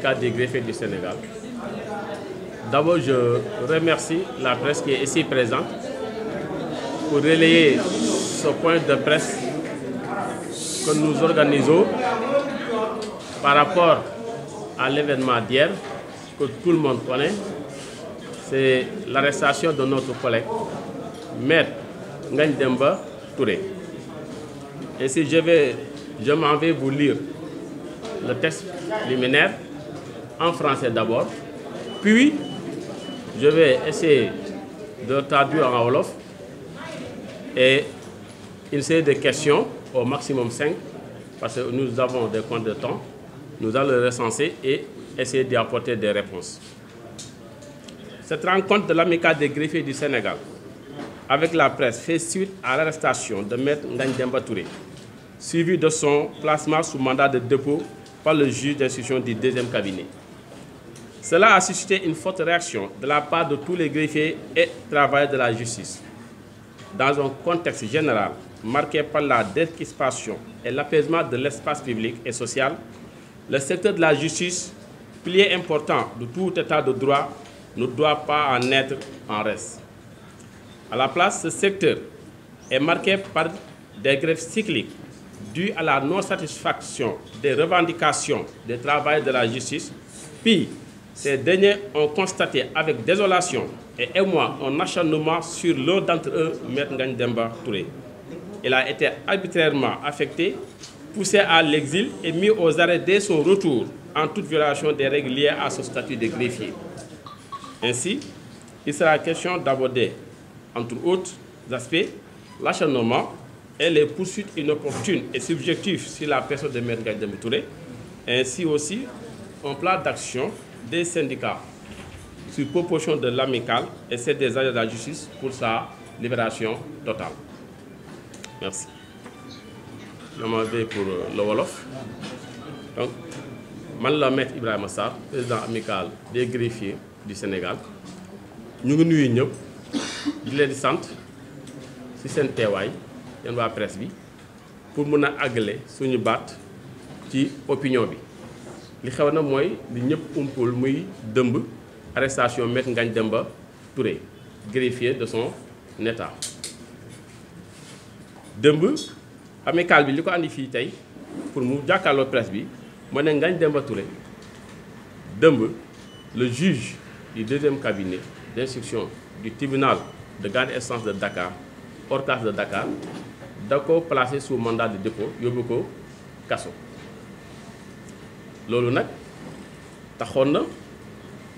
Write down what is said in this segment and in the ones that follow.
syndicat des greffiers du Sénégal. D'abord, je remercie la presse qui est ici présente pour relayer ce point de presse que nous organisons par rapport à l'événement d'hier que tout le monde connaît. C'est l'arrestation de notre collègue, Maître Ngandemba Touré. Et si je vais, je m'en vous lire le texte liminaire en français d'abord puis je vais essayer de traduire en wolof et il série de questions au maximum cinq parce que nous avons des comptes de temps nous allons le et essayer d'y apporter des réponses cette rencontre de l'amicale des greffiers du Sénégal avec la presse fait suite à l'arrestation de Maître Ngagne Demba Touré suivi de son placement sous mandat de dépôt par le juge d'instruction du deuxième cabinet Cela a suscité une forte réaction de la part de tous les greffiers et travailleurs de la justice. Dans un contexte général marqué par la décrispation et l'apaisement de l'espace public et social, le secteur de la justice, pilier important de tout état de droit, ne doit pas en être en reste. À la place, ce secteur est marqué par des grèves cycliques dues à la non-satisfaction des revendications des travailleurs de la justice, puis Ces derniers ont constaté avec désolation et émoi un acharnement sur l'un d'entre eux, Maître Ngagne Demba Touré. Il a été arbitrairement affecté, poussé à l'exil et mis aux arrêts des son retour en toute violation des règles à son statut de greffier. Ainsi, il sera question d'aborder, entre autres aspects, l'acharnement et les poursuites inopportunes et subjectives sur la personne de Maître Ngagne Demba Touré, ainsi aussi un plan d'action des syndicats sur proposition de l'amicale et celle des agents de la justice pour sa libération totale. Merci. Je m'en vais pour euh, le Wolof. Donc, man la maître Ibrahima Sarr président amical des greffiers di Sénégal ñu ngi nuyu ñëpp di leen sant ci seen teewaay yéen waa presse bi pour mën a àggale suñu baat ci opinion bi. li xew na mooy li ñëpp umpul muy dëmb arrestation Me ngañ Demba Touré greffier de son état dëmb amical bi li ko andi fii tey pour mu jàkkaarloo presse bi moo ne ngañ Demba Touré dëmb le juge du deuxième cabinet d'instruction du tribunal de grande instance de Dakar hors classe de Dakar da ko placé su mandat de dépôt yóbbu ko kaso loolu nag taxoon na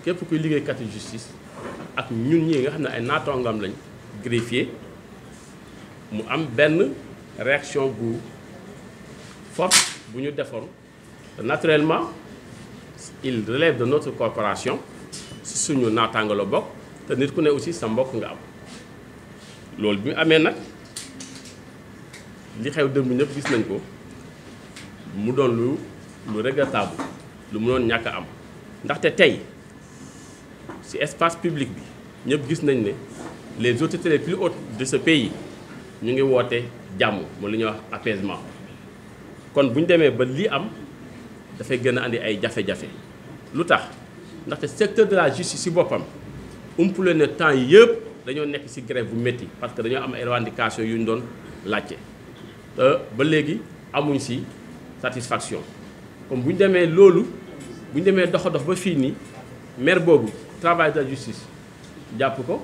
képp kuy liggéeykati justice ak ñun ñi nga xam ne ay naataangam lañ greffier mu am benn réaction bu forte bu ñu defoon naturellement il relève de notre corporation si suñu naataanga la bokk te nit ku ne aussi sa mbokk nga am loolu bi mu amee nag li xew dëmb ñëpp gis nañ ko mu doon lu lu regrettable lu mënoon ñàkk a am ndaxte tey ci espace public bi ñëpp gis nañ ne les autorités les plus hautes de ce pays ñu ngi woote jàmm mu lu ñuy wax apaisement kon bu ñu demee ba lii am dafay gën a indi ay jafe-jafe lu tax ndaxte secteur de la justice ci boppam umpule ne temps yëpp dañoo nekk ci grève bu métti parce que dañoo am ay revendications yu ñu doon laajte te ba léegi amuñ ci satisfaction kon bu ñu demee loolu bu demee dox dox ba fii nii maire boobu travail de justice jàpp ko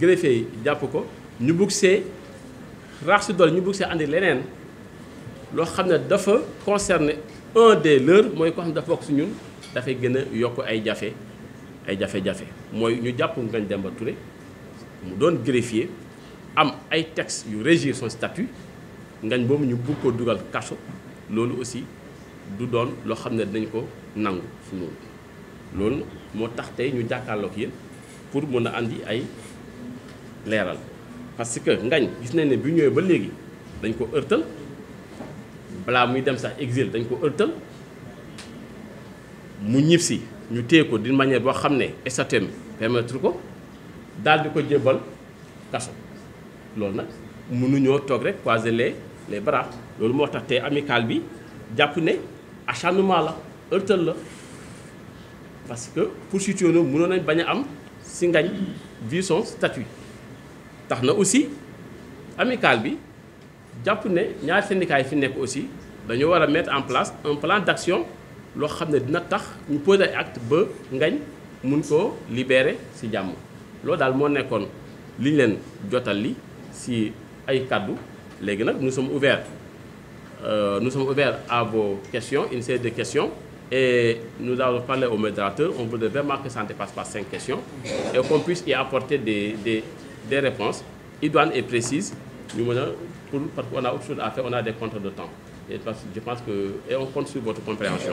greffier yi jàpp ko ñu bugg see raax si doole ñu bugg see andi leneen loo xam ne dafa concerner un des leurs mooy ko xam ne dafa bokk si ñun dafay gën a yokk ay jafe ay jafe-jafe mooy ñu jàpp Ngagne Demba Touré mu doon greffier am ay textes yu régir son statut ngañ boobu ñu bugg ko dugal kaso loolu aussi du doon loo xam ne dañ ko nangu suñu loolu moo tax tey ñu jàkkaarlook yéen pour mun a andi ay leeral parce que ngañ gis nañ ne bi ñëwee ba léegi dañ ko ërtal balaa muy dem sax exile dañ ko ërtal mu ñib si ñu téye ko di manière boo xam ne statut permettre ko daal ko jébbal kaso loolu nag mënuñoo toog rek croiser les les loolu moo tax tey amical bi jàpp ne acharnement la ërtal la parce que poursuite mënoon nañ bañ a am si ngañ vu tax na aussi amical bi jàpp ne ñaari syndicats fi nekk aussi dañoo war a mettre en place un plan d'action loo xam ne dina tax ñu poser ay acte ba ngañ mun koo libérer si jàmm loolu daal moo nekkoon li ñu leen jotal li si ay kàddu léegi nag nous sommes ouvert euh, nous sommes ouverts à vos questions, une de questions. Et nous avons parlé au modérateur, on voudrait vraiment que ça ne dépasse pas cinq questions et qu'on puisse y apporter des, des, des réponses idoines et précises. Nous, pour, parce qu'on autre chose à faire, on a des contre de temps. Et je pense que, et on compte sur votre compréhension.